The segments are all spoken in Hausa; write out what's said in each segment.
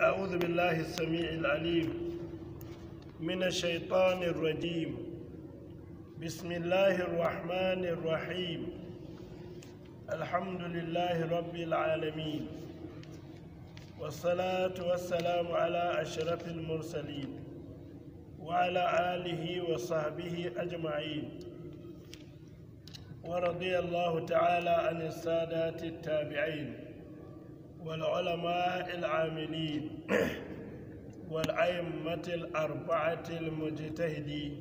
أعوذ بالله السميع العليم من الشيطان الرجيم بسم الله الرحمن الرحيم الحمد لله رب العالمين والصلاة والسلام على أشرف المرسلين وعلى آله وصحبه أجمعين ورضي الله تعالى عن السادات التابعين والعلماء العاملين والأئمة الأربعة المجتهدين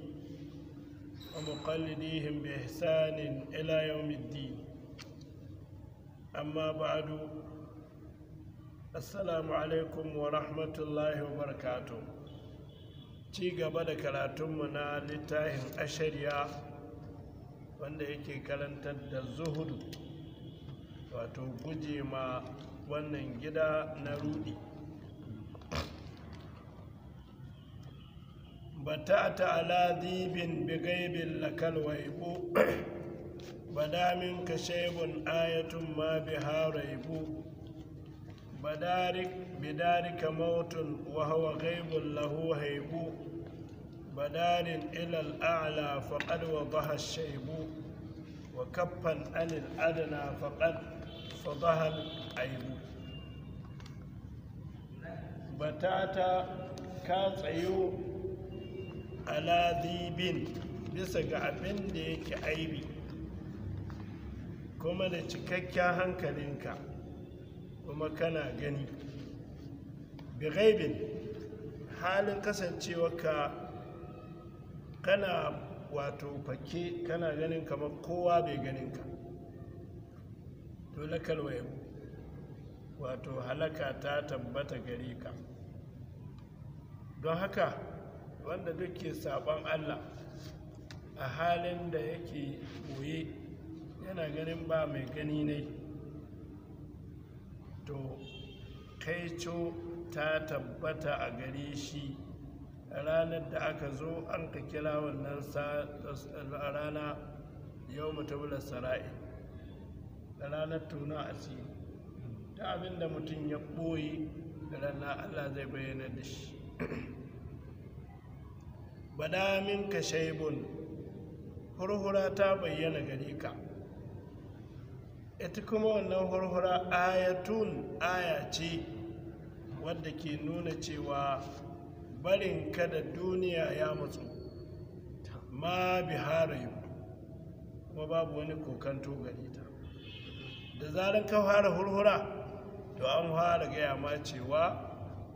ومقلديهم بإحسان إلى يوم الدين أما بعد السلام عليكم ورحمة الله وبركاته ci gaba da karatunmu na littafin ashariya wanda yake karantar da zuhudu wato guje ma wannan gida na rudi bata'ata ala dibin bigaibin lakal waibu bada minka shaibun ayatun ma biha raibu badarik bidarika mautun wa huwa ghaibun lahu haibu badarin ilal a'la faqad wadaha shaibu wa kaffan anil adna faqad aibu batata ka tsayo aladibin bisa ga abin da yake aibi kuma da cikakken hankalinka kuma kana gani bigaibin halin kasancewarka kana wato fake kana ganin kamar kowa bai ganinka dole kalwaye wato halaka ta tabbata gare ka don haka wanda duk ke saban allah a halin da yake koye yana ganin ba mai gani ne to kaico ta tabbata a gare shi ranar da aka zo an ka kira wannan rana yau mutabula sara'i ranar tuna asiri ta abin da mutum ya ɓoye ranar allah zai bayyana da shi bada ka shaibun hurhura ta bayyana gari ka ita kuma wannan hurhura ayatun aya ce wadda ke nuna cewa barin ka da duniya ya matsu ma bi harayu kuma babu wani kokanto gare ta da zarar ka fara hurhura to an fara gaya ma cewa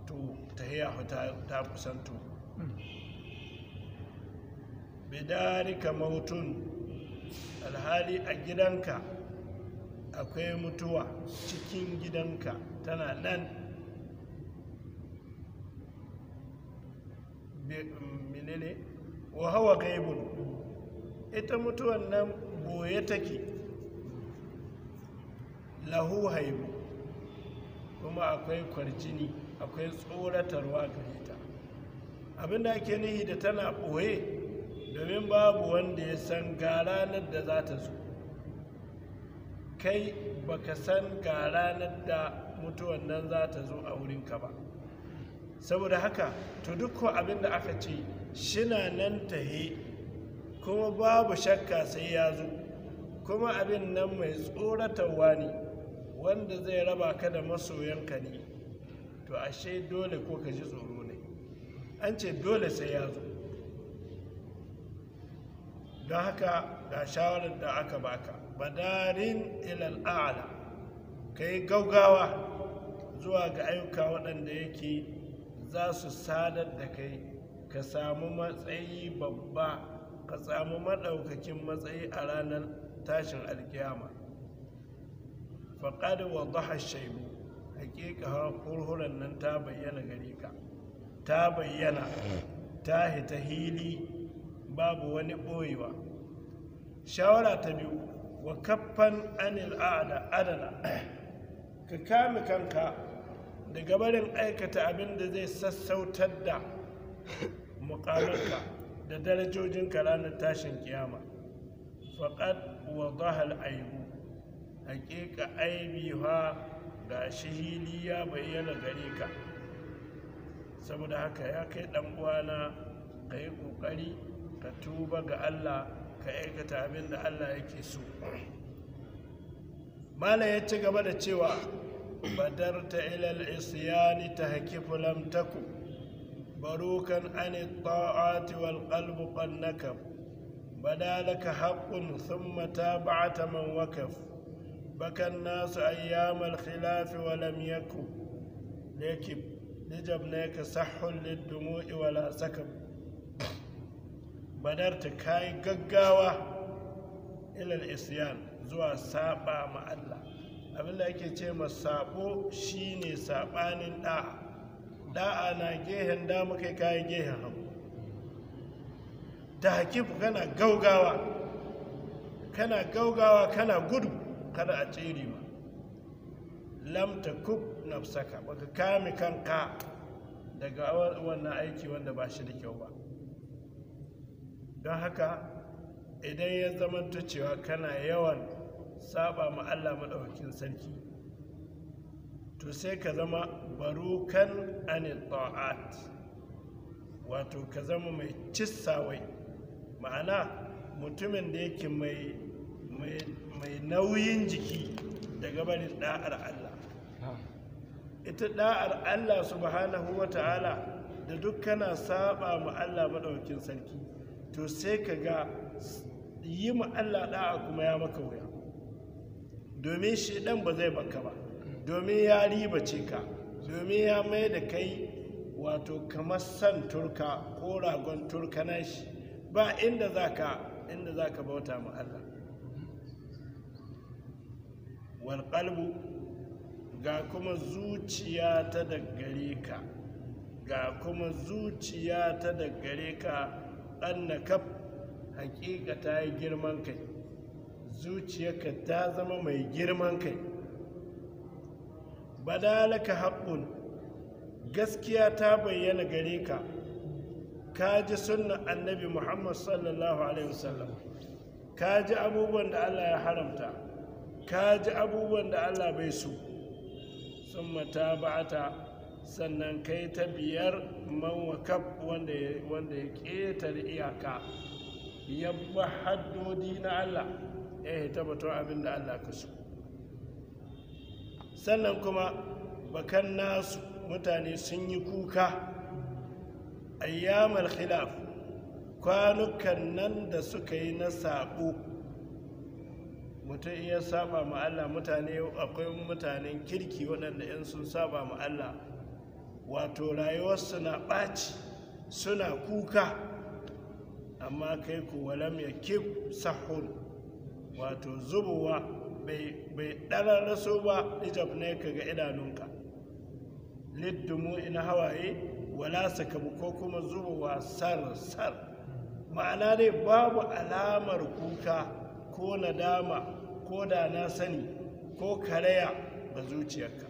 to ta hiya ta kusanto bidarika mautun alhali a gidanka akwai mutuwa cikin gidanka tana nan menene wa hawa gaibun ita mutuwan nan boye take lahu haibu kuma akwai kwarjini akwai tsoratarwa gare ta abinda ake nihi da tana ɓoye domin babu wanda ya san ga ranar da za ta zo kai baka san ga ranar da mutuwan nan za ta zo a wurinka ba saboda haka to duk abinda aka ce shina nan tahe kuma babu shakka sai ya zo kuma abin nan mai tsoratarwa ne wanda zai raba ka da masoyanka ne to ashe dole ko ka ji tsoro ne an ce dole sai ya zo don haka ga shawarar da aka baka badarin ilal a'ala ka yi gaugawa zuwa ga ayyuka waɗanda yake za su sadar da kai ka samu matsayi babba ka samu maɗaukakin matsayi a ranar tashin alkiyama faƙad wadaha shaibu hakika hurhuran nan ta bayyana gare ka ta bayyana ta hita hili babu wani ɓoyewa shawara ta biyu wa kaffan anil adana ka kame kanka daga barin aikata abin da zai sassautar da mukaminka da darajojinka ranar tashin kiyama faƙad wa zahal aibu hakika aibiha ga shahili ya bayyana gare ka saboda haka ya kai ɗan uwana ka yi ƙoƙari ka tuba ga allah ka aikata abin da allah yake so mala ya ci gaba da cewa badarta ilal isyani ta haƙi lam taku barukan an ta'ati wal qalbu qannaka badalaka haqqun thumma tabata man wakaf بكى الناس أيام الخلاف ولم يكن لكب لجبناك صح للدموع ولا سكب badarta ka yi gaggawa ilal isyan zuwa مع الله Abin abinda ake ce ma sabo shine sabanin da'a Ɗa'a na gehen dama kai kayi gehen hagu da kana gaugawa kana gaugawa kana gudu kada a tsere ma lamta kub saka baka kame kanka daga wannan aiki wanda ba shi da kyau ba don haka idan ya zamanta cewa kana yawan saba ma Allah maɗaukakin sarki to sai ka zama barukan anil ta'at wato ka zama mai cissawai ma'ana mutumin da yake mai mai nauyin jiki daga gabanin da'ar Allah ita da'ar Allah subhanahu wa ta'ala da duk saba ma Allah madaukin sarki to sai ka ga yi ma Allah da'a kuma ya maka wuya domin shi ɗan ba zai baka ba domin ya ce ka domin ya mai da kai wato kamar san turka ko ragon turka na shi ba inda za ka inda za bauta ma Allah wal ga kuma zuciya ta daggare ka ga kuma zuciya ta daggare ka na kaf hakika ta yi girman kai zuciyarka ta zama mai girman kai badalaka haƙƙun gaskiya ta bayyana gare ka ka ji sunna annabi muhammad sallallahu alaihi wasallam ka ji abubuwan da allah ya haramta ka ji abubuwan da allah bai su sun mata bata sannan kai ta biyar man wanda ya ƙetare iyaka yabba haddodi na allah ya yi tabbatar abin da allah ka su sannan kuma bakan nasu mutane sun yi kuka ayyamar khilaf kwanukan nan da suka yi na saɓo mutum iya saba ma Allah mutane akwai mutanen kirki waɗanda yan sun saba ma Allah wato rayuwarsu na ɓaci suna kuka amma kai ku walam ya sahun wato zubowa bai ɗarar raso ba ijab ne ka ga idanunka liddumu ina hawaye wala sakabu ko kuma zubowa sar sar ma'ana dai babu alamar kuka ko nadama ko da na sani ko karaya ba zuciyarka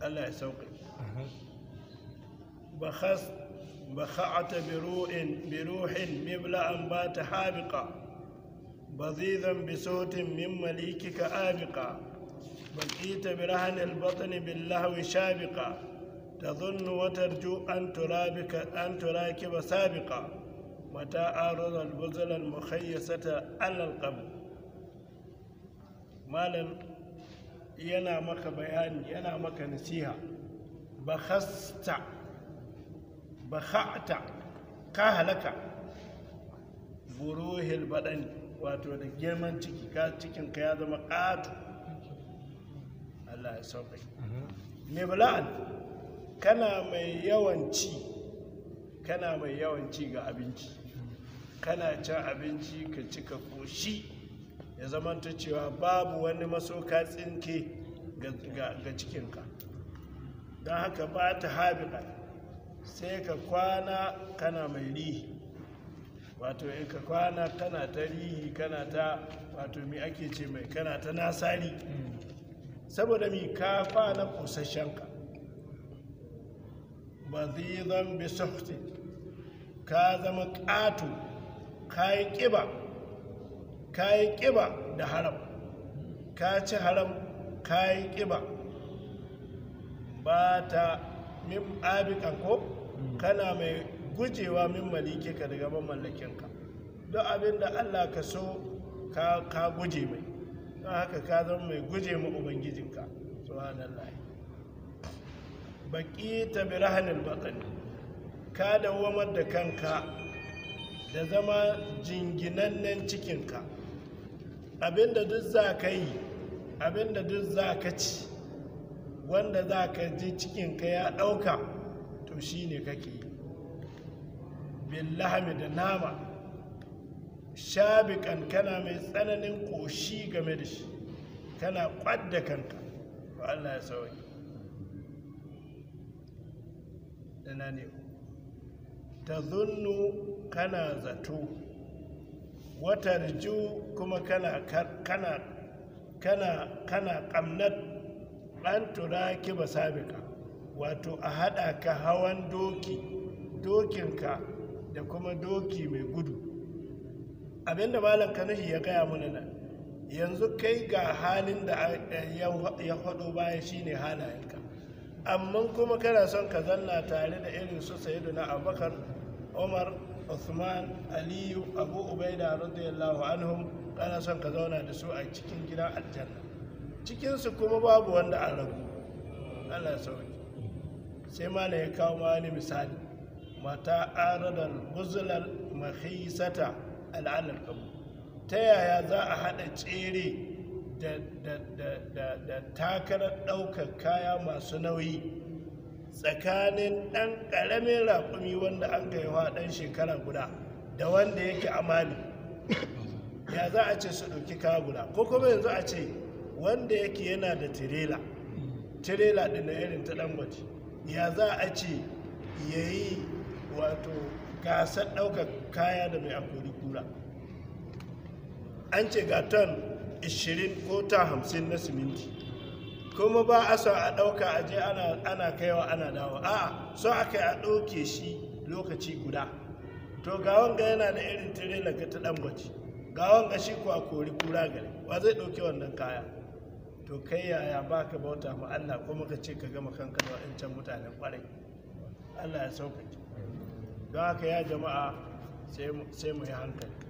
Allah ya sauƙa ba khas ba kha'ata bi ru'in bi ruhin mibla an ba ta habiqa bazizan bi sautin min malikika abiqa bakita bi rahan al batn bil lahwi shabiqa tadhunnu wa tarju an turabika an turakiba sabiqa متى عارض البذل المخيسة على القبر Malam yana maka bayani yana maka nasiha ba khasta ba kha'ata ka halaka buruhil badani wato da girman ciki ka cikin ka ya zama ƙato Allah ya sauƙi bala'an kana mai yawan ci kana mai yawan ci ga abinci kana cin abinci ka ci ka koshi ya zamanta cewa babu wani ka tsinke ga cikinka don haka ba ta habiba sai ka kwana kana mai rihi wato in ka kwana kana ta rihi kana ta wato mi ake ce mai kana ta nasari saboda mi ka kwana kusashenka ba zai zan bi ka zama ƙato kayi ƙiba kayi ƙiba da haram ka ci haram kayi ƙiba ba ta min abikan ko kana mai gujewa min ka daga ban mallakinka don abin da allah ka so ka guje mai don haka ka zama mai guje ma ubangijinka subhanallah baki ta birahanin baƙani ka dawamar da kanka da zama jinginannen cikinka abinda duk za ka yi abinda duk za ka ci wanda za ka ji cikinka ya ɗauka to shi ne kake yi billahami da nama shabikan kana mai tsananin ƙoshi game da shi kana ƙwadda kanka ba Allah ya sauri ta zunnu kana zato watar ju kuma kana kana kana kana kamnat an turaki ba sabika wato a haɗa ka hawan doki dokinka da kuma doki mai gudu abinda malam kanuhi ya gaya mana nan yanzu kai ga halin da ya haɗo baya shine halayenka amma kuma kana son ka zanna tare da irin su sayidu na abubakar umar Usman Aliyu Abu Ubaida radiyallahu anhum kana son ka zauna da su a cikin gidan aljanna cikinsu kuma babu wanda an rabu Allah sauki sai mana ya kawo wani misali mata aradan buzlal mahisata al'anar kabu ta yaya za a haɗa tsere da takarar ɗaukar kaya masu nauyi tsakanin ɗan ƙaramin raƙumi wanda an yawa ɗan shekara guda da wanda yake amali ya za a ce su ɗauki kaya ko kuma yanzu a ce wanda yake yana da tirela tirela ɗin na irin ta ɗan gwaji? ya za a ce ya yi wato gasar ɗaukar kaya da mai akuri kura an ce ga ton 20 ko ta 50 na siminti kuma ba a so a ɗauka a je ana kaiwa ana dawo a'a so a kai a ɗauke shi lokaci guda to ga wanga yana da irin tirela ga ta ɗan gwaji ga wanga shi kuwa kori kura gari wa zai ɗauki wannan kaya to kai yaya ba ka bauta ma Allah kuma ka ce ka gama kanka da wa'ancan mutanen kwarai? Allah ya sauƙaƙe don haka ya jama'a sai mu yi hankali